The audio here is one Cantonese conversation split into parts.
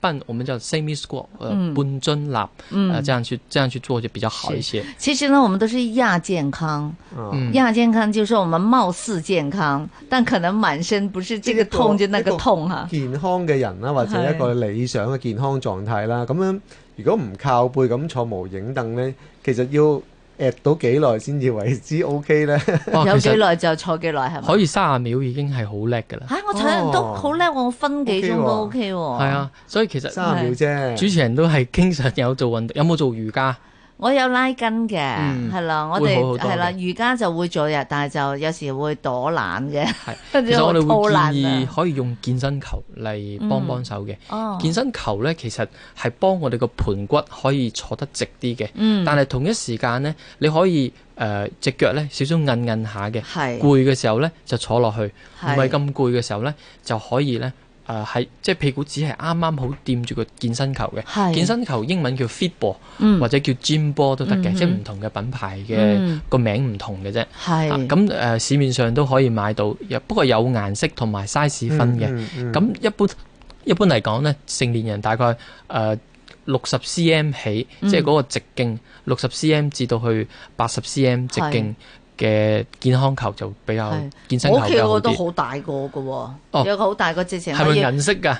半我們叫 semi squat，呃，半蹲拉，啊、嗯，這樣去這樣去做就比較好一些。其實呢，我們都是亞健康、嗯，亞健康就是我們貌似健康，但可能滿身不是這個痛就那個痛哈、啊。健康嘅人啦、啊，或者一個理想嘅健康狀態啦、啊，咁樣如果唔靠背咁坐無影凳呢，其實要。a 到幾耐先至為之 OK 咧？有幾耐就坐幾耐係咪？可以三十秒已經係好叻㗎喇！嚇、哦， 我坐都好叻，我分幾鐘都 OK 喎、哦。係啊，所以其實三十秒啫。主持人都係經常有做運動，有冇做瑜伽？我有拉筋嘅，係、嗯、啦，我哋係啦，瑜伽就會做嘅，但係就有時會躲懶嘅。係，所以我哋會建議可以用健身球嚟幫幫手嘅、嗯。哦，健身球咧，其實係幫我哋個盤骨可以坐得直啲嘅。嗯，但係同一時間咧，你可以誒隻、呃、腳咧少少韌韌下嘅，係攰嘅時候咧就坐落去，唔係咁攰嘅時候咧就可以咧。誒、呃、係，即係屁股只係啱啱好掂住個健身球嘅。健身球英文叫 fit ball，、嗯、或者叫 gym ball 都得嘅、嗯，即係唔同嘅品牌嘅個、嗯、名唔同嘅啫。係咁誒，市面上都可以買到，不過有顏色同埋 size 分嘅。咁、嗯嗯嗯、一般一般嚟講咧，成年人大概誒六、呃、十 cm 起，嗯、即係嗰個直徑六十 cm 至到去八十 cm 直徑。嘅健康球就比較健身球有啲，我屋企嗰個都好大個嘅喎，有個好大個之前，係咪銀色㗎、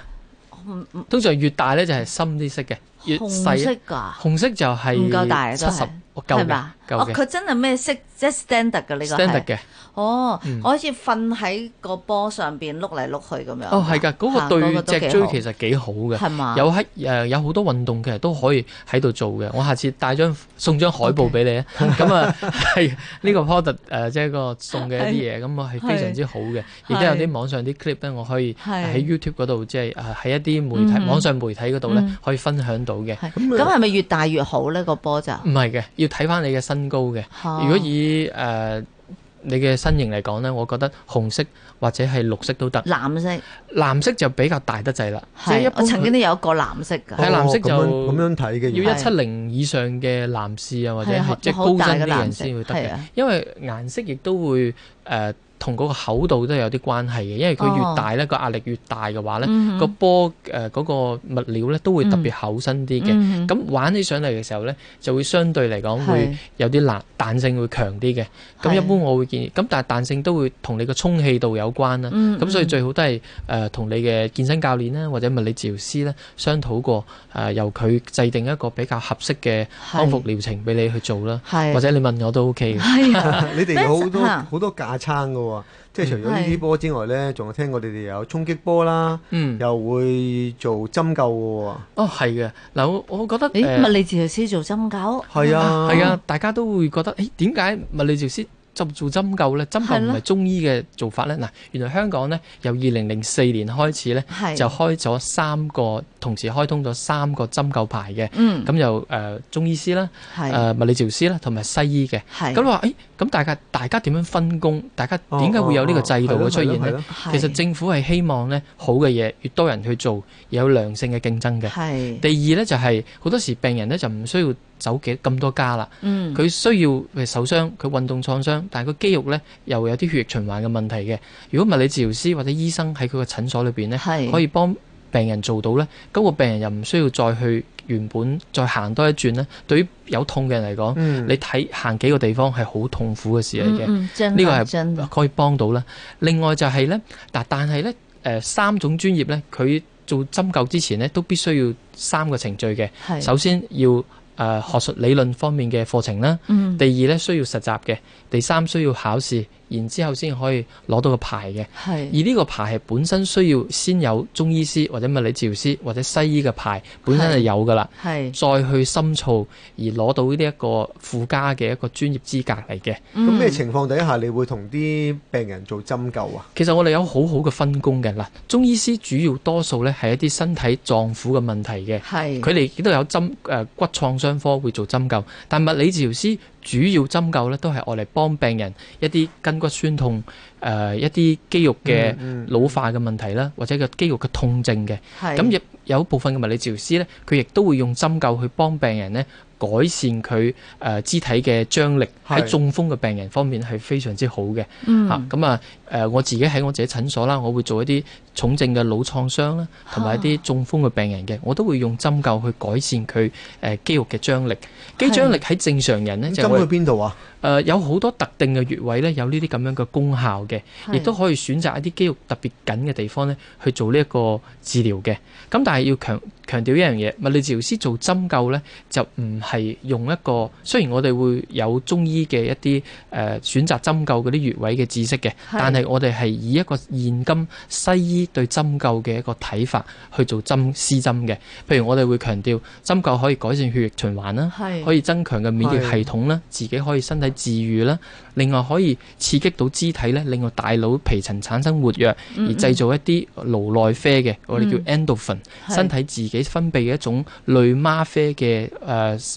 嗯嗯？通常越大咧就係深啲色嘅。紅色噶，紅色就係夠大七十夠夠哦，佢真係咩色？即係 standard 嘅呢個 standard 嘅，哦，嗯、我好似瞓喺個波上邊碌嚟碌去咁樣。哦，係噶，嗰個對脊椎其實幾好嘅，係嘛？有喺誒，有好多運動其實都可以喺度做嘅。我下次帶張送張海報俾你啊，咁啊係呢個 product 誒、呃，即係個送嘅一啲嘢，咁啊係非常之好嘅。亦都有啲網上啲 clip 咧，我可以喺 YouTube 度即係喺一啲媒體嗯嗯網上媒體嗰度咧可以分享到。嗯嗯好嘅，咁係咪越大越好呢？個波就唔係嘅，要睇翻你嘅身高嘅、哦。如果以誒、呃、你嘅身形嚟講呢，我覺得紅色或者係綠色都得。藍色，藍色就比較大得滯啦。我曾經都有一個藍色嘅。係藍色就咁樣睇嘅，要一七零以上嘅男士啊，或者係即係高身啲人先會得嘅。因為顏色亦都會誒。呃同嗰個厚度都有啲關係嘅，因為佢越大咧個壓力越大嘅話咧，個波誒嗰個物料咧都會特別厚身啲嘅。咁玩起上嚟嘅時候咧，就會相對嚟講會有啲難，彈性會強啲嘅。咁一般我會建議，咁但係彈性都會同你個充氣度有關啦。咁所以最好都係誒同你嘅健身教練啦，或者物理治療師咧商討過，誒由佢制定一個比較合適嘅康復療程俾你去做啦。係或者你問我都 OK 嘅。係啊，你哋好多好多架撐㗎。即係除咗呢啲波之外咧，仲有聽過你哋有衝擊波啦，又會做針灸嘅喎。哦，係嘅。嗱，我我覺得誒，物理治療師做針灸係啊，係啊，大家都會覺得誒，點解物理治療師？就做針灸咧，針灸唔係中醫嘅做法咧。嗱，原來香港咧由二零零四年開始咧，就開咗三個同時開通咗三個針灸牌嘅。嗯，咁又、呃、中醫師啦，誒物理治療師啦，同、呃、埋西醫嘅。咁話誒，咁大家大家點樣分工？大家點解會有呢個制度嘅出現呢、哦哦？其實政府係希望咧，好嘅嘢越多人去做，去做有良性嘅競爭嘅。第二咧就係、是、好多時病人咧就唔需要。走幾咁多家啦？嗯，佢需要受傷，佢運動創傷，但係佢肌肉呢又有啲血液循環嘅問題嘅。如果物理治療師或者醫生喺佢個診所裏面呢，可以幫病人做到呢。嗰、那個病人又唔需要再去原本再行多一轉呢。對於有痛嘅人嚟講、嗯，你睇行幾個地方係好痛苦嘅事嚟嘅。呢、嗯嗯呢個係可以幫到啦。另外就係、是、呢，嗱，但係呢，三種專業呢，佢做針灸之前呢，都必須要三個程序嘅，首先要。誒學術理論方面嘅課程啦，嗯，第二咧需要實習嘅，第三需要考試。然之後先可以攞到個牌嘅，而呢個牌係本身需要先有中醫師或者物理治療師或者西醫嘅牌，本身就有㗎喇，再去深造而攞到呢一個附加嘅一個專業資格嚟嘅。咁、嗯、咩情況底下你會同啲病人做針灸啊？其實我哋有很好好嘅分工嘅嗱，中醫師主要多數咧係一啲身體臟腑嘅問題嘅，佢哋都有針誒、呃、骨創傷科會做針灸，但物理治療師，主要針灸咧都係愛嚟幫病人一啲筋骨酸痛，誒、呃、一啲肌肉嘅老化嘅問題啦、嗯嗯，或者個肌肉嘅痛症嘅。咁亦有部分嘅物理治療師咧，佢亦都會用針灸去幫病人咧。改善佢誒肢體嘅張力，喺中風嘅病人方面係非常之好嘅嚇。咁啊，誒、呃、我自己喺我自己診所啦，我會做一啲重症嘅腦創傷啦，同埋一啲中風嘅病人嘅，我都會用針灸去改善佢誒、呃、肌肉嘅張力。肌張力喺正常人咧就針、是、去邊度啊？誒、呃、有好多特定嘅穴位咧，有呢啲咁樣嘅功效嘅，亦都可以選擇一啲肌肉特別緊嘅地方咧去做呢一個治療嘅。咁但係要強強調一樣嘢，物理治療師做針灸咧就唔。係用一個，雖然我哋會有中醫嘅一啲誒、呃、選擇針灸嗰啲穴位嘅知識嘅，但係我哋係以一個現今西醫對針灸嘅一個睇法去做針施針嘅。譬如我哋會強調針灸可以改善血液循環啦，可以增強嘅免疫系統啦，自己可以身體自愈啦，另外可以刺激到肢體咧，令到大腦皮層產生活躍，嗯嗯，而製造一啲腦內啡嘅、嗯，我哋叫 endorphin，身體自己分泌嘅一種類媽啡嘅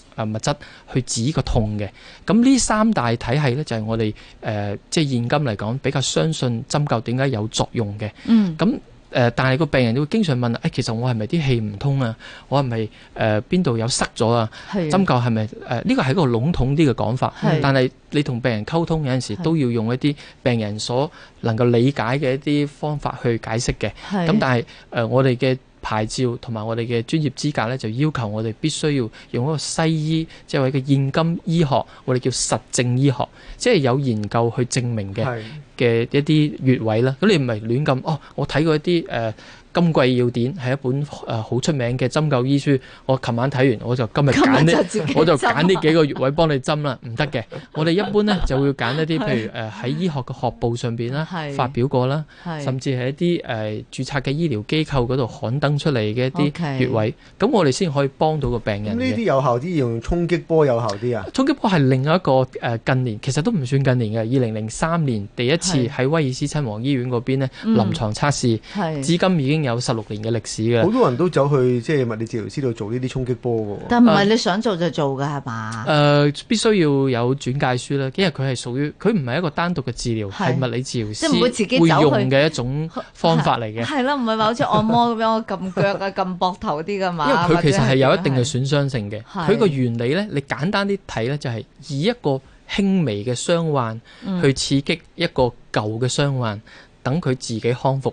誒，物質去止個痛嘅，咁呢三大體系咧就係我哋誒、呃，即係現今嚟講比較相信針灸點解有作用嘅。嗯。咁誒、呃，但係個病人會經常問啊，誒、哎，其實我係咪啲氣唔通啊？我係咪誒邊度有塞咗啊？針灸係咪誒？呢個係一個籠統啲嘅講法。係。但係你同病人溝通有陣時都要用一啲病人所能夠理解嘅一啲方法去解釋嘅。係。咁但係誒、呃，我哋嘅。牌照同埋我哋嘅專業資格呢，就要求我哋必須要用一個西醫，即係話個現今醫學，我哋叫實證醫學，即係有研究去證明嘅嘅一啲穴位啦。咁你唔係亂咁哦，我睇過一啲誒、呃今季要點係一本誒好、呃、出名嘅針灸醫書，我琴晚睇完，我就今日揀呢我就揀啲幾個穴位幫你針啦。唔得嘅， 我哋一般呢就會揀一啲譬如誒喺、呃、醫學嘅學報上邊啦發表過啦，甚至係一啲誒、呃、註冊嘅醫療機構嗰度刊登出嚟嘅一啲穴位，咁、okay、我哋先可以幫到個病人嘅。呢啲有效啲用衝擊波有效啲啊？衝擊波係另一個誒、呃、近年其實都唔算近年嘅，二零零三年第一次喺威爾斯親王醫院嗰邊咧、嗯、臨床測試，至今已經有十六年嘅歷史嘅，好多人都走去即係、就是、物理治療師度做呢啲衝擊波噶。但唔係你想做就做嘅係嘛？誒、呃呃，必須要有轉介書啦，因為佢係屬於佢唔係一個單獨嘅治療，係物理治療師會用嘅一種方法嚟嘅。係咯，唔係話好似按摩咁樣我撳腳啊、撳膊頭啲噶嘛？因為佢其實係有一定嘅損傷性嘅。佢個原理咧，你簡單啲睇咧，就係、是、以一個輕微嘅傷患去刺激一個舊嘅傷患，等、嗯、佢自己康復。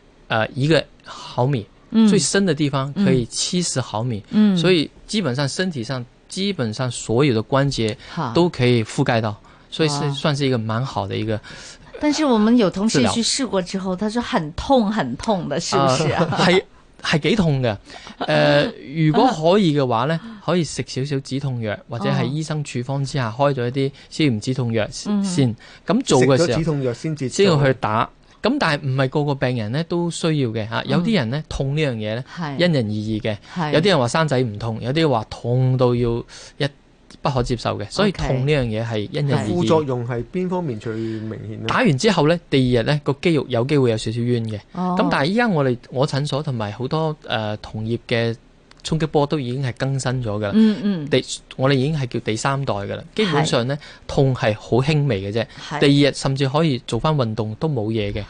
啊、呃，一個毫米、嗯、最深的地方可以七十毫米、嗯嗯，所以基本上身體上基本上所有的關節都可以覆蓋到，所以是、啊、算是一個蠻好的一個。但是我們有同事去試過之後，他說很痛很痛的，是不是、啊？係係幾痛的誒、呃，如果可以嘅話呢、 呃、可以食少少止痛藥，或者係醫生處方之下開咗一啲消炎止痛藥、嗯、先，咁做嘅時候，止痛藥先至先要去打。咁但係唔係個個病人咧都需要嘅吓。有啲人咧痛呢樣嘢咧，因人而異嘅、嗯。有啲人話生仔唔痛，有啲話痛到要一不可接受嘅。所以痛呢樣嘢係因人而異。okay。副作用係邊方面最明顯咧？打完之後咧，第二日咧個肌肉有機會有少少瘀嘅。咁、哦、但係依家我哋我診所同埋好多、呃、同業嘅。衝擊波都已經係更新咗㗎喇。地我哋已經係叫第三代㗎啦。基本上呢，痛係好輕微嘅啫。第二日甚至可以做翻運動都冇嘢嘅。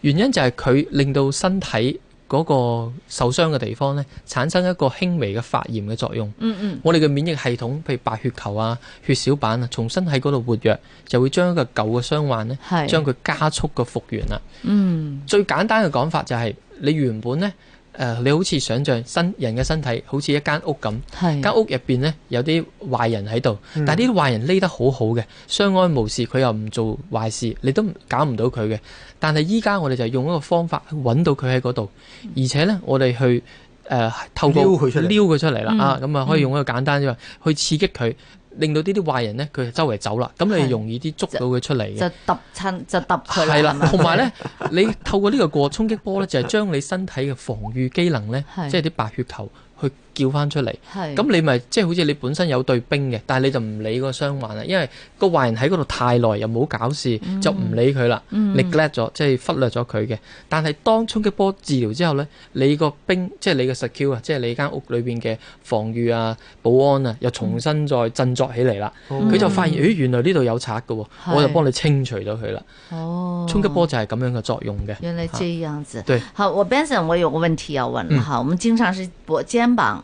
原因就係佢令到身體嗰個受傷嘅地方呢，產生一個輕微嘅發炎嘅作用。嗯嗯，我哋嘅免疫系統，譬如白血球啊、血小板啊，重新喺嗰度活躍，就會將一個舊嘅傷患呢，將佢加速個復原啦。嗯，最簡單嘅講法就係、是、你原本呢。呃、你好似想像身人嘅身體好似一間屋咁，間屋入面呢，有啲壞人喺度，但啲壞人匿得好好嘅，相安無事，佢又唔做壞事，你都搞唔到佢嘅。但係依家我哋就用一個方法去揾到佢喺嗰度，而且呢，我哋去、呃、透過撩佢出嚟啦、嗯、啊，咁啊可以用一個簡單嘅去刺激佢。嗯令到呢啲壞人呢，佢周圍走啦，咁的你容易啲捉到佢出嚟嘅。就揼親，就揼佢啦。係啦的，同埋 呢，你透過呢個過衝擊波呢，就係、是、將你身體嘅防禦機能呢，的即係啲白血球去。叫翻出嚟，咁你咪即係好似你本身有隊兵嘅，但係你就唔理個傷患啊，因為個壞人喺嗰度太耐又冇搞事，嗯、就唔理佢啦，你 glad 咗，即係、就是、忽略咗佢嘅。但係當衝擊波治療之後呢，你個兵即係、就是、你嘅 secure 啊，即係你間屋裏邊嘅防禦啊、保安啊，又重新再振作起嚟啦。佢、嗯、就發現，誒、哎、原來呢度有賊㗎喎、哦，我就幫你清除咗佢啦。衝擊波就係咁樣嘅作用嘅。原來這樣子、啊。對，好，我 Benson，我有個問題要問啦，我們經常是膊、肩膀。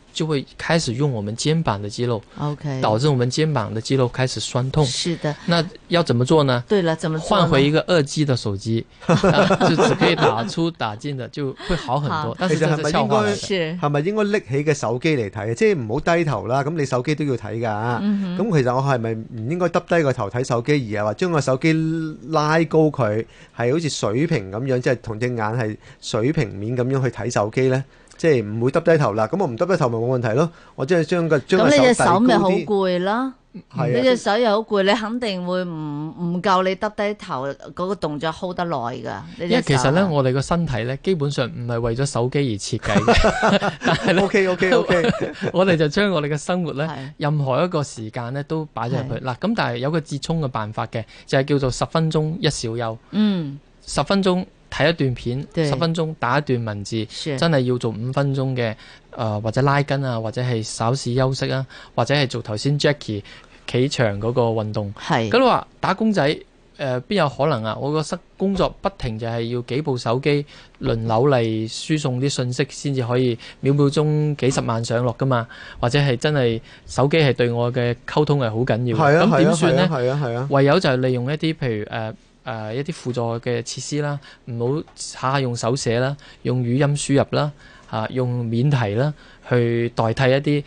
就會開始用我們肩膀的肌肉，OK，導致我們肩膀的肌肉開始酸痛。是的，那要怎麼做呢？對了，怎麼做呢？換回一個二 G 的手機、 啊，就只可以打出打進的，就會好很多。 但是是其實是係咪應該係咪應該拎起個手機嚟睇？即係唔好低頭啦。咁你手機都要睇噶。咁、嗯、其實我係咪唔應該耷低個頭睇手機，而係話將個手機拉高佢，係好似水平咁樣，即係同隻眼係水平面咁樣去睇手機呢？即係唔會耷低頭啦，咁我唔耷低頭咪冇問題咯。我即係將個將個手遞高啲。咁你隻手咪好攰啦，你隻手又好攰，你肯定會唔唔夠你耷低頭嗰個動作 hold 得耐噶。因為其實咧，我哋個身體咧，基本上唔係為咗手機而設計嘅。O K O K O K，我哋就將我哋嘅生活咧，任何一個時間咧都擺咗入去嗱。咁但係有個折衷嘅辦法嘅，就係、是、叫做十分鐘一小休。嗯，十分鐘。睇一段片，十分鐘打一段文字，真係要做五分鐘嘅誒或者拉筋啊，或者係稍事休息啊，或者係做頭先 Jackie 企長嗰個運動。係咁你話打工仔誒邊、呃、有可能啊？我個工作不停就係要幾部手機輪流嚟輸送啲信息先至可以秒秒鐘幾十萬上落㗎嘛、嗯？或者係真係手機係對我嘅溝通係好緊要咁點、啊、算呢、啊啊啊？唯有就係利用一啲譬如誒。呃誒、呃、一啲輔助嘅設施啦，唔好下下用手寫啦，用語音輸入啦，嚇、啊、用免提啦，去代替一啲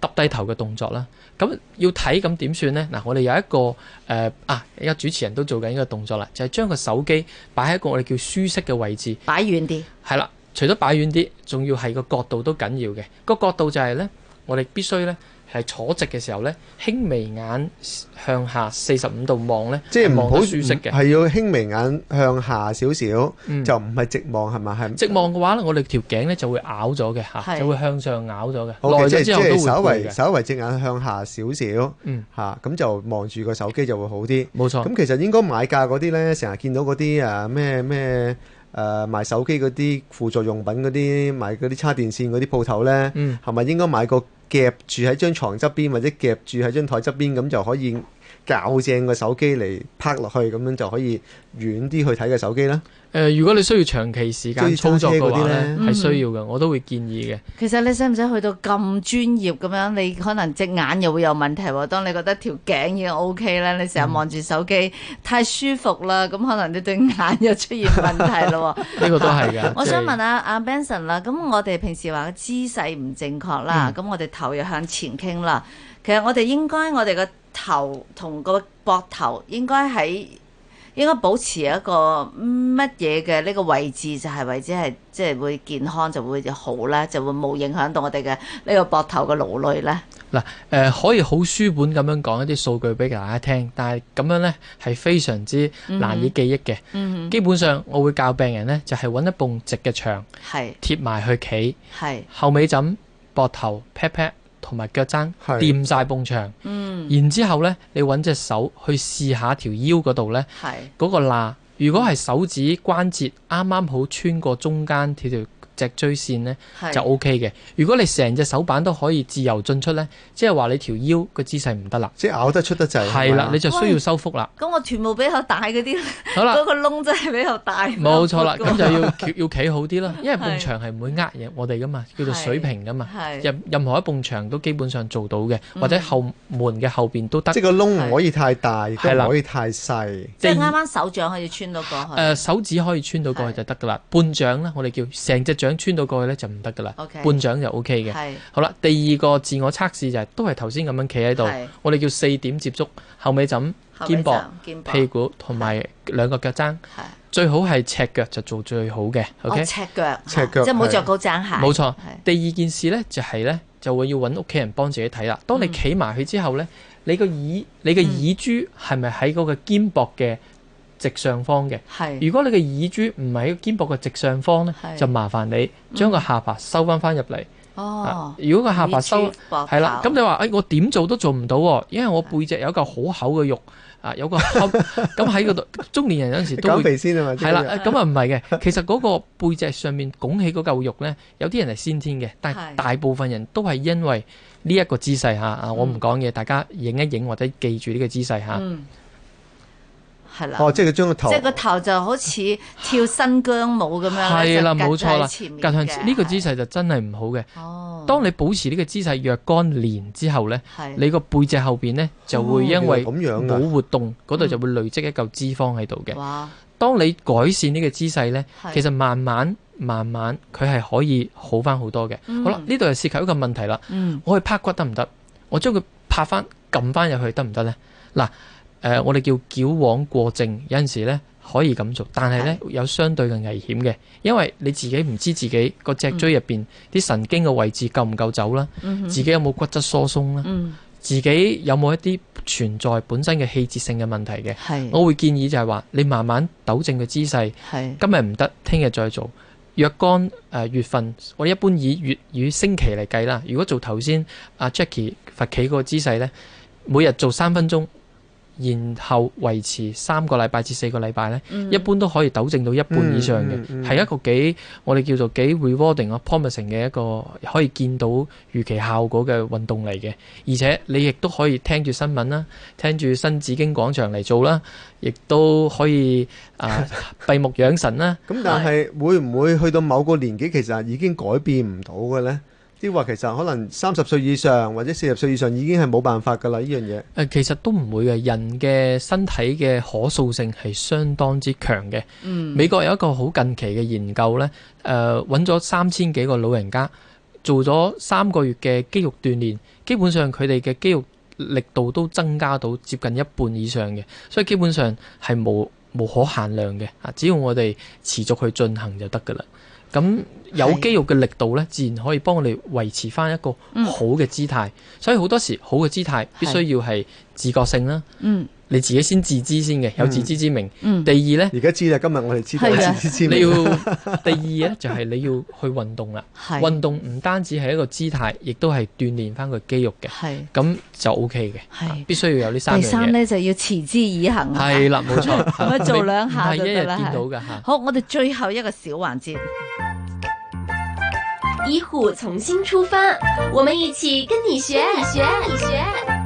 耷低頭嘅動作啦。咁要睇咁點算呢？嗱，我哋有一個誒、呃、啊，而家主持人都做緊一個動作啦，就係將個手機擺喺一個我哋叫舒適嘅位置，擺遠啲。係啦，除咗擺遠啲，仲要係個角度都緊要嘅。個角度就係呢，我哋必須呢。係坐直嘅時候咧，輕微眼向下四十五度望咧，即係望得好舒適嘅，係要輕微眼向下少少，就唔係直望，係咪？係直望嘅話咧，我哋條頸咧就會拗咗嘅吓，就會向上拗咗嘅。耐咗之後都會。稍微稍微只眼向下少少，嗯吓，咁就望住個手機就會好啲。冇錯。咁其實應該買架嗰啲咧，成日見到嗰啲啊咩咩誒賣手機嗰啲輔助用品嗰啲，賣嗰啲插電線嗰啲鋪頭咧，係咪應該買個？夾住喺張床側邊，或者夾住喺張台側邊，咁就可以。校正個手機嚟拍落去，咁樣就可以遠啲去睇個手機啦。誒、呃，如果你需要長期時間操作嘅話咧，係需要嘅、嗯，我都會建議嘅。其實你使唔使去到咁專業咁樣？你可能隻眼又會有問題。當你覺得條頸已經 O K 咧，你成日望住手機太舒服啦，咁可能你對眼又出現問題咯。呢 個都係嘅。我想問下阿 Benson 啦，咁我哋平時話個姿勢唔正確啦，咁、嗯、我哋頭又向前傾啦。其實我哋應該我哋個。頭同個膊頭應該喺應該保持一個乜嘢嘅呢個位置就係或者係即係會健康就會好咧，就會冇影響到我哋嘅呢個膊頭嘅勞累咧。嗱、呃，誒可以好書本咁樣講一啲數據俾大家聽，但係咁樣咧係非常之難以記憶嘅、嗯嗯。基本上我會教病人咧就係、是、揾一埲直嘅牆係貼埋去企係後尾枕膊頭 pat pat。同埋腳踭掂晒埲牆，然之後咧，你揾隻手去試下條腰嗰度咧，嗰、嗰個罅，如果係手指關節啱啱好穿過中間條條脊椎線咧就 O K 嘅，如果你成隻手板都可以自由進出咧，即係話你條腰個姿勢唔得啦，即係拗得出得滯。係、啊、啦，你就需要收腹啦。咁我臀部比較大嗰啲，嗰 個窿真係比較大。冇錯啦，咁就要 要企好啲啦，因為埲牆係唔會呃嘢我哋噶嘛，叫做水平噶嘛。任任何一埲牆都基本上做到嘅，或者後,、嗯、後門嘅後邊都得。即係、這個窿唔可以太大，係啦，唔可以太細。即係啱啱手掌可以穿到過去。誒、呃，手指可以穿到過去就得㗎啦。半掌咧，我哋叫成隻掌。想穿到過去咧就唔得噶啦，okay, 半掌就 O K 嘅。係，好啦，第二個自我測試就係、是、都係頭先咁樣企喺度，我哋叫四點接觸，後尾枕肩膊、屁股同埋兩個腳踭，最好係赤腳就做最好嘅。O K，赤腳，赤腳、啊，即係冇着高踭鞋。冇錯。第二件事咧就係咧就會要揾屋企人幫自己睇啦。當你企埋去之後咧、嗯，你個耳、嗯、你嘅耳珠係咪喺嗰個肩膊嘅？直上方嘅，如果你嘅耳珠唔係喺肩膊嘅直上方咧，就麻煩你將個下巴收翻翻入嚟。哦、嗯啊，如果個下巴收，係啦，咁、嗯、你話誒、哎，我點做都做唔到、啊，因為我背脊有一嚿好厚嘅肉啊，有個，咁喺嗰度中年人有時都會係啦，咁啊唔係嘅， 其實嗰個背脊上面拱起嗰嚿肉咧，有啲人係先天嘅，但係大部分人都係因為呢一個姿勢嚇啊！我唔講嘢，大家影一影或者記住呢個姿勢嚇。嗯係啦、哦，即係佢將個頭，即係個頭就好似跳新疆舞咁樣，係、啊、啦，冇錯啦，夾向前呢個姿勢就真係唔好嘅。哦，當你保持呢個姿勢若干年之後咧、哦，你個背脊後邊咧就會因為冇活動，嗰、哦、度就會累積一嚿脂肪喺度嘅。哇！當你改善呢個姿勢咧，其實慢慢慢慢佢係可以好翻好多嘅、嗯。好啦，呢度又涉及一個問題啦、嗯。我去拍骨得唔得？我將佢拍翻撳翻入去得唔得咧？嗱。誒、呃，我哋叫矯枉過正，有陣時咧可以咁做，但係咧有相對嘅危險嘅，因為你自己唔知自己個脊椎入邊啲神經嘅位置夠唔夠走啦、嗯，自己有冇骨質疏鬆啦，自己有冇一啲存在本身嘅器質性嘅問題嘅。我會建議就係話你慢慢糾正個姿勢，今日唔得，聽日再做。若干誒、呃、月份，我一般以月與星期嚟計啦。如果做頭先阿 Jackie 伏企嗰個姿勢呢，每日做三分鐘。然後維持三個禮拜至四個禮拜呢、嗯、一般都可以糾正到一半以上嘅，係、嗯嗯嗯、一個幾我哋叫做幾 rewarding 咯，promising 嘅一個可以見到預期效果嘅運動嚟嘅。而且你亦都可以聽住新聞啦，聽住新紫荊廣場嚟做啦，亦都可以啊閉目養神啦。咁 但係會唔會去到某個年紀，其實已經改變唔到嘅呢？啲話其實可能三十歲以上或者四十歲以上已經係冇辦法噶啦呢樣嘢。誒，其實都唔會嘅，人嘅身體嘅可塑性係相當之強嘅。嗯，美國有一個好近期嘅研究呢，誒，揾咗三千幾個老人家做咗三個月嘅肌肉鍛煉，基本上佢哋嘅肌肉力度都增加到接近一半以上嘅，所以基本上係無無可限量嘅。啊，只要我哋持續去進行就得噶啦。咁有肌肉嘅力度呢，自然可以幫我哋維持翻一個好嘅姿態，嗯、所以好多時好嘅姿態必須要係自覺性啦。嗯。你自己先自知先嘅，有自知之明。嗯、第二咧，而家知啦，今日我哋知道、啊、自知之明。 你要第二咧，就係、是、你要去運動啦。係運動唔單止係一個姿態，亦都係鍛煉翻個肌肉嘅。係咁就 OK 嘅。係、啊、必須要有呢三樣嘢。第三咧就要持之以恆。係啦、啊，冇錯。沒錯 是是做兩下就得一日見到噶吓。好，我哋最後一個小環節，以活重新出發，我們一起跟你學，你學，你學。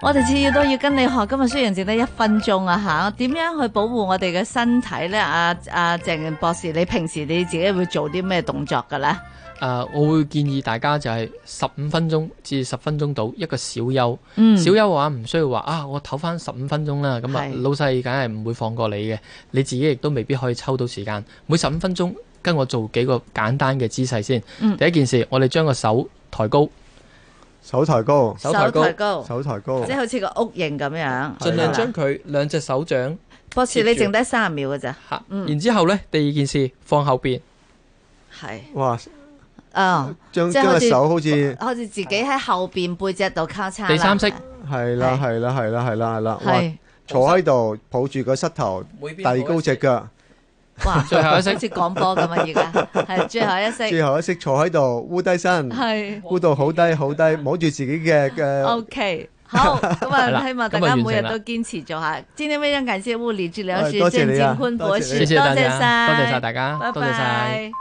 我哋次次都要跟你學，今日雖然只得一分鐘啊吓，點樣去保護我哋嘅身體呢？阿阿鄭博士，你平時你自己會做啲咩動作㗎咧？誒、呃，我會建議大家就係十五分鐘至十分鐘到一個小休，嗯、小休嘅話唔需要話啊，我唞翻，十五分鐘啦，咁啊，老細梗係唔會放過你嘅，你自己亦都未必可以抽到時間。每十五分鐘跟我做幾個簡單嘅姿勢先，嗯，第一件事，我哋將個手抬高。手抬高，手抬高，手抬高，即係、就是，好似個屋形咁樣，盡量將佢兩隻手掌。博士，你剩低三十秒噶咋。然之後咧，第二件事放後邊，係、嗯，哇，啊、嗯，將、哦、將個手好似，好似自己喺後邊背脊度交叉。第三式，係啦，係啦，係啦，係啦，係啦，坐喺度抱住個膝頭，遞高隻腳。哇 最後一一樣， 最後一息好似廣播咁啊，而家係最後一式，最後一式，坐喺度，屈低身，係屈到好低好低，摸住自己嘅嘅。 o Okay , K，好咁啊，希 望大家每日都堅持做一下今。今天非常感謝物理治療師鄭金坤、啊、博士，多謝晒，多謝晒大家，多謝晒。